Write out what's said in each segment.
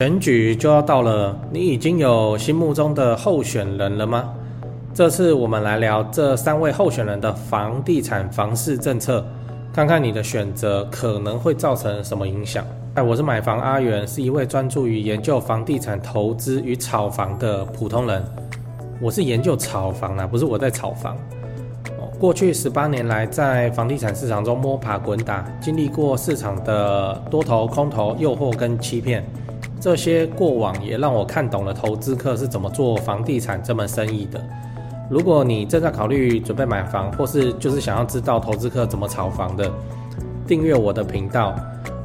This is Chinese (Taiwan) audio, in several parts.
選舉就要到了，你已經有心目中的候選人了嗎？這次我們來聊這三位候選人的房地產房市政策，看看你的選擇可能會造成什麼影響。哎，我是買房阿元，是一位專注於研究房地產投資與炒房的普通人。我是研究炒房啊，不是我在炒房。過去十八年來，在房地產市場中摸爬滾打，經歷過市場的多頭、空頭、誘惑跟欺騙。這些過往也讓我看懂了投資客是怎麼做房地產這門生意的。如果你正在考慮準備買房，或是就是想要知道投資客怎麼炒房的，訂閱我的頻道。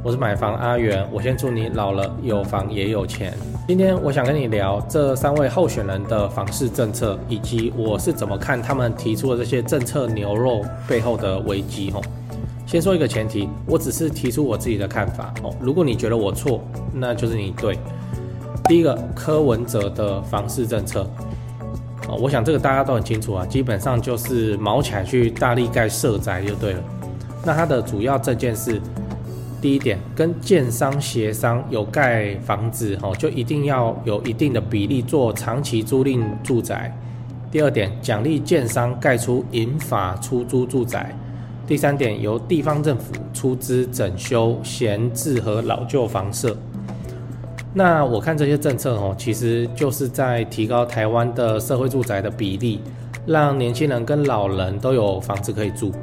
我是買房阿元，我先祝你老了有房也有錢。今天我想跟你聊這三位候選人的房市政策，以及我是怎麼看他們提出的這些政策牛肉背後的危機吼先說一個前提，我只是提出我自己的看法哦。如果你覺得我錯，那就是你對。第一個，柯文哲的房市政策，哦，我想這個大家都很清楚啊，基本上就是卯起來去大力蓋社宅就對了。那它的主要政見是，第一點，跟建商協商有蓋房子哦，就一定要有一定的比例做長期租賃住宅。第二點，獎勵建商蓋出銀髮出租住宅。第三點，由地方政府出資整修閒置和老舊房舍。那我看這些政策哦，其實就是在提高台灣的社會住宅的比例，讓年輕人跟老人都有房子可以住。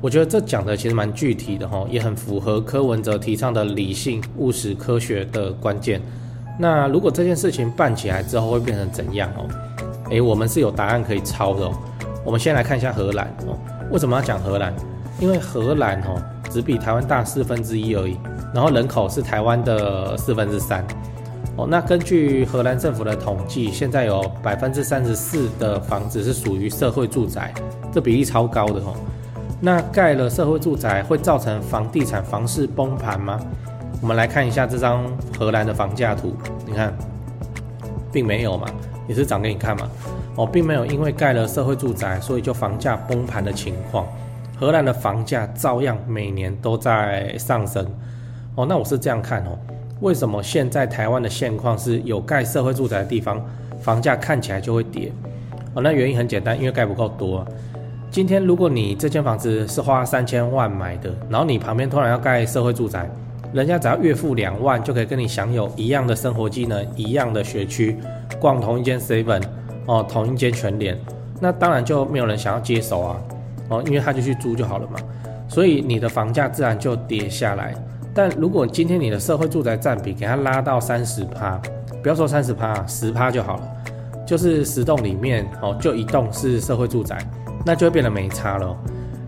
我覺得這講的其實蠻具體的哦，也很符合柯文哲提倡的理性、務實、科學的關鍵。那如果這件事情辦起來之後會變成怎樣哦？誒、欸，我們是有答案可以抄的哦。我們先來看一下荷蘭哦。為什麼要講荷蘭？因為荷蘭哦，只比台灣大四分之一而已，然後人口是台灣的四分之三哦。那根據荷蘭政府的統計，現在有百分之三十四的房子是屬於社會住宅，這比例超高的哦。那蓋了社會住宅會造成房地產房市崩盤嗎？我們來看一下這張荷蘭的房價圖，你看，並沒有嘛。也是漲給你看嘛，哦，並沒有因為蓋了社會住宅，所以就房價崩盤的情況。荷蘭的房價照樣每年都在上升。哦，那我是這樣看哦，為什麼現在台灣的現況是有蓋社會住宅的地方，房價看起來就會跌？哦，那原因很簡單，因為蓋不夠多啊。今天如果你這間房子是花三千萬買的，然後你旁邊突然要蓋社會住宅，人家只要月付兩萬就可以跟你享有一樣的生活機能，一樣的學區。逛同一間 Seven，哦，同一間全聯，那當然就沒有人想要接手啊，哦，因為他就去租就好了嘛，所以你的房價自然就跌下來。但如果今天你的社會住宅佔比給他拉到三十趴，不要說三十趴啊，十趴就好了，就是十棟裡面哦，就一棟是社會住宅，那就會變得沒差了，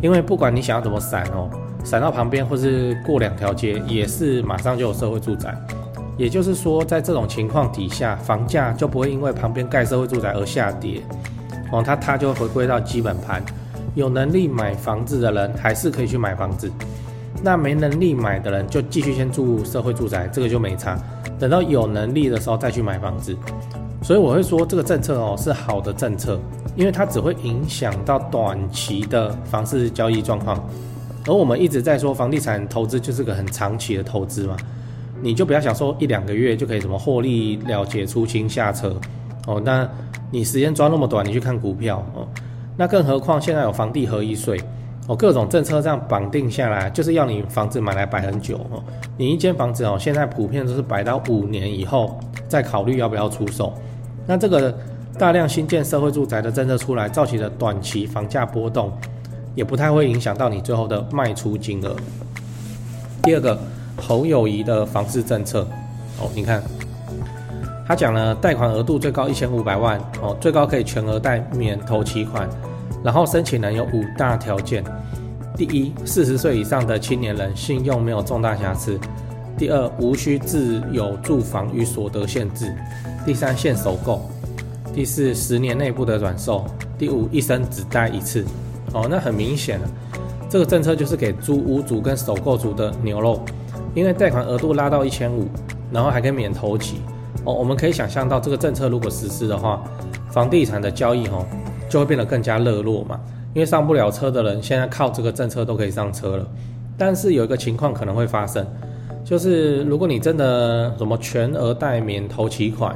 因為不管你想要怎麼閃哦，閃到旁邊或是過兩條街，也是馬上就有社會住宅。也就是說，在這種情況底下，房價就不會因為旁邊蓋社會住宅而下跌，它它就會回歸到基本盤，有能力買房子的人還是可以去買房子，那沒能力買的人就繼續先住社會住宅，這個就沒差，等到有能力的時候再去買房子，所以我會說這個政策哦是好的政策，因為它只會影響到短期的房市交易狀況，而我們一直在說房地產投資就是個很長期的投資嘛。你就不要想說一兩個月就可以什麼獲利了結出清下車，哦，那你時間抓那麼短，你去看股票哦，那更何況現在有房地合一稅，哦，各種政策這樣綁定下來，就是要你房子買來擺很久哦，你一間房子哦，現在普遍都是擺到五年以後再考慮要不要出手，那這個大量新建社會住宅的政策出來，造成的短期房價波動，也不太會影響到你最後的賣出金額。第二個。侯友宜的房市政策，哦，你看，他講了貸款額度最高一千五百萬，哦，最高可以全額貸免頭期款，然後申請人有五大條件：第一，四十歲以上的青年人信用沒有重大瑕疵；第二，無需自有住房與所得限制；第三，限首購；第四，十年內不得轉售；第五，一生只貸一次。哦，那很明顯了，這個政策就是給租屋族跟首購族的牛肉。因為貸款額度拉到一千五，然後還可以免頭期，哦，我們可以想象到這個政策如果實施的話，房地產的交易吼、哦、就會變得更加熱絡嘛。因為上不了車的人，現在靠這個政策都可以上車了。但是有一個情況可能會發生，就是如果你真的什麼全額貸、免頭期款，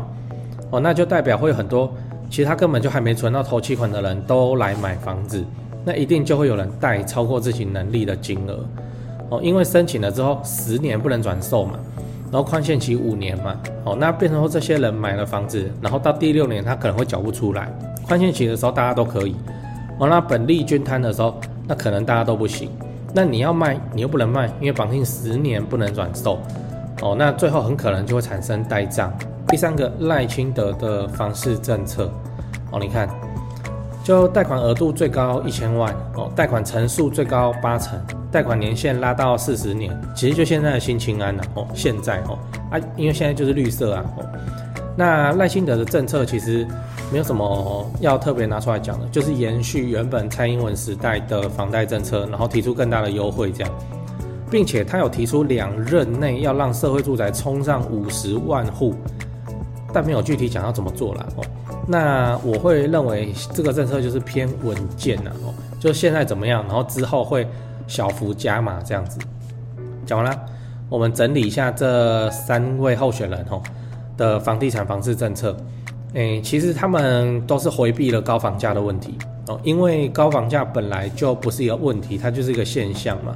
哦，那就代表會有很多其他根本就還沒存到頭期款的人都來買房子，那一定就會有人貸超過自己能力的金額。哦，因為申請了之後十年不能轉售嘛，然後寬限期五年嘛，哦，那變成說這些人買了房子，然後到第六年他可能會繳不出來，寬限期的時候大家都可以，哦，那本利均攤的時候，那可能大家都不行，那你要賣你又不能賣，因為綁定十年不能轉售，哦，那最後很可能就會產生呆賬。第三個賴清德的房市政策，哦，你看。就貸款額度最高一千萬哦，貸款成數最高八成，貸款年限拉到四十年。其實就現在的新青安了、啊、哦，現在哦啊，因為現在就是綠色啊哦。那賴清德的政策其實沒有什麼要特別拿出來講的，就是延續原本蔡英文時代的房貸政策，然後提出更大的優惠這樣，並且他有提出兩任內要讓社會住宅衝上五十萬戶，但沒有具體講要怎麼做了哦。那我會認為這個政策就是偏穩健啊，哦，就現在怎麼樣，然後之後會小幅加碼這樣子。講完了，我們整理一下這三位候選人哦的房地產房市政策。誒、欸，其實他們都是回避了高房價的問題哦，因為高房價本來就不是一個問題，它就是一個現象嘛。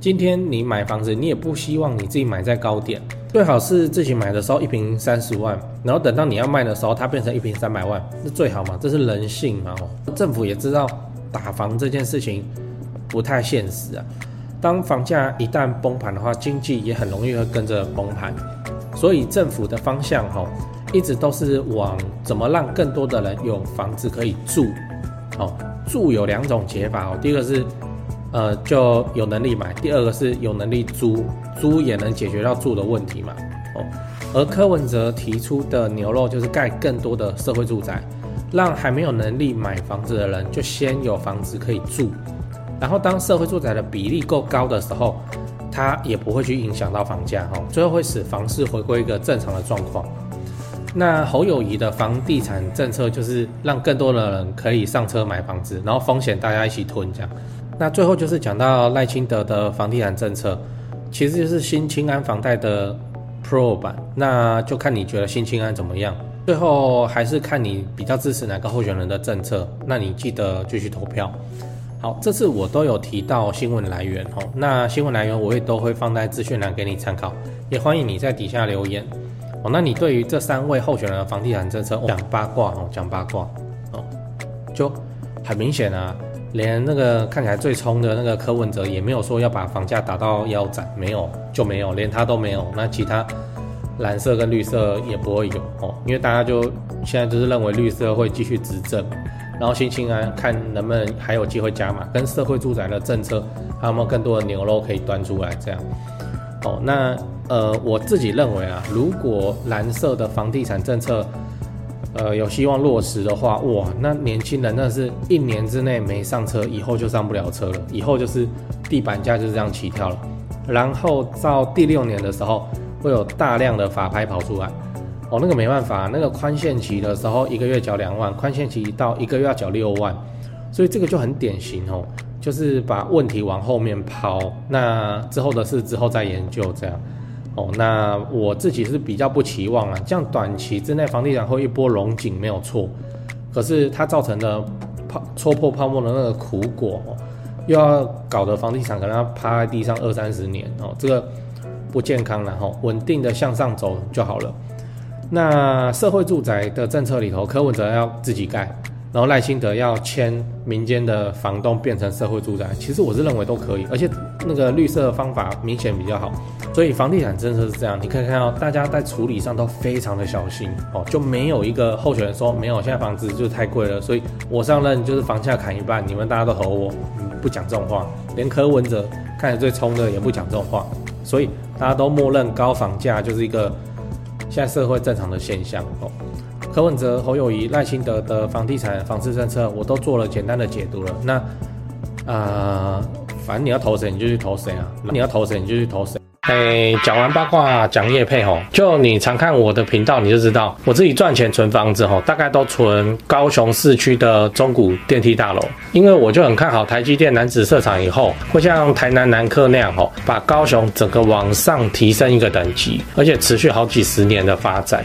今天你買房子，你也不希望你自己買在高點。最好是自己買的時候一坪三十萬，然後等到你要賣的時候，它變成一坪三百萬，這最好嘛，這是人性嘛？哦，政府也知道打房這件事情不太現實啊。當房價一旦崩盤的話，經濟也很容易會跟着崩盤，所以政府的方向哈、哦，一直都是往怎麼讓更多的人有房子可以住。哦，住有兩種解法哦，第一個是。呃，就有能力買。第二個是有能力租，租也能解決到住的問題嘛。哦，而柯文哲提出的牛肉就是蓋更多的社會住宅，讓還沒有能力買房子的人就先有房子可以住，然後當社會住宅的比例夠高的時候，它也不會去影響到房價哈，哦，最後會使房市回歸一個正常的狀況。那侯友宜的房地產政策就是讓更多的人可以上車買房子，然後風險大家一起吞，這樣。那最後就是講到賴清德的房地產政策，其實就是新青安房貸的 Pro 版，那就看你覺得新青安怎麼樣。最後還是看你比較支持哪個候選人的政策，那你記得繼續投票。好，這次我都有提到新聞來源哦，那新聞來源我也都會放在資訊欄給你參考，也歡迎你在底下留言哦。那你對於這三位候選人的房地產政策，講八卦哦，講八卦哦，就很明顯啊。連那個看起來最衝的那個柯文哲也沒有說要把房價打到腰斬，沒有就沒有，連他都沒有，那其他藍色跟綠色也不會有哦，因為大家就現在就是認為綠色會繼續執政，然後新青安看能不能還有機會加碼，跟社會住宅的政策還有沒有更多的牛肉可以端出來這樣。哦，那呃，我自己認為啊，如果藍色的房地產政策，呃，有希望落實的話，哇，那年輕人那是一年之內沒上車，以後就上不了車了，以後就是地板價就是這樣起跳了。然後到第六年的時候，會有大量的法拍跑出來，哦，那個沒辦法，那個寬限期的時候一個月繳兩萬，寬限期到一個月要繳六萬，所以這個就很典型哦，就是把問題往後面拋，那之後的事之後再研究這樣。哦，那我自己是比較不期望啊。這樣短期之內房地產會一波龍井沒有錯，可是它造成的泡戳破泡沫的那個苦果，又要搞得房地產可能要趴在地上二三十年哦，這個不健康了，啊、哈。穩定的向上走就好了。那社會住宅的政策裡頭，柯文則要自己蓋。然後賴清德要簽民間的房東變成社會住宅，其實我是認為都可以，而且那個綠色的方法明顯比較好，所以房地產政策是這樣，你可以看到大家在處理上都非常的小心哦，就沒有一個候選人說沒有，現在房子就太貴了，所以我上任就是房價砍一半，你們大家都和我不講這種話，連柯文哲看着最衝的也不講這種話，所以大家都默認高房價就是一個現在社會正常的現象哦。柯文哲、侯友宜、賴清德的房地產房市政策，我都做了簡單的解讀了。那，呃，反正你要投誰你就去投誰啊！你要投誰你就去投誰。哎，講完八卦，講業配吼，就你常看我的頻道，你就知道我自己賺錢存房子吼，大概都存高雄市區的中古電梯大樓，因為我就很看好台積電楠梓設廠以後，會像台南南科那樣吼，把高雄整個往上提升一個等級，而且持續好幾十年的發展。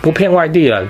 不騙外地人。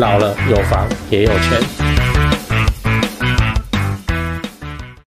老了有房也有錢。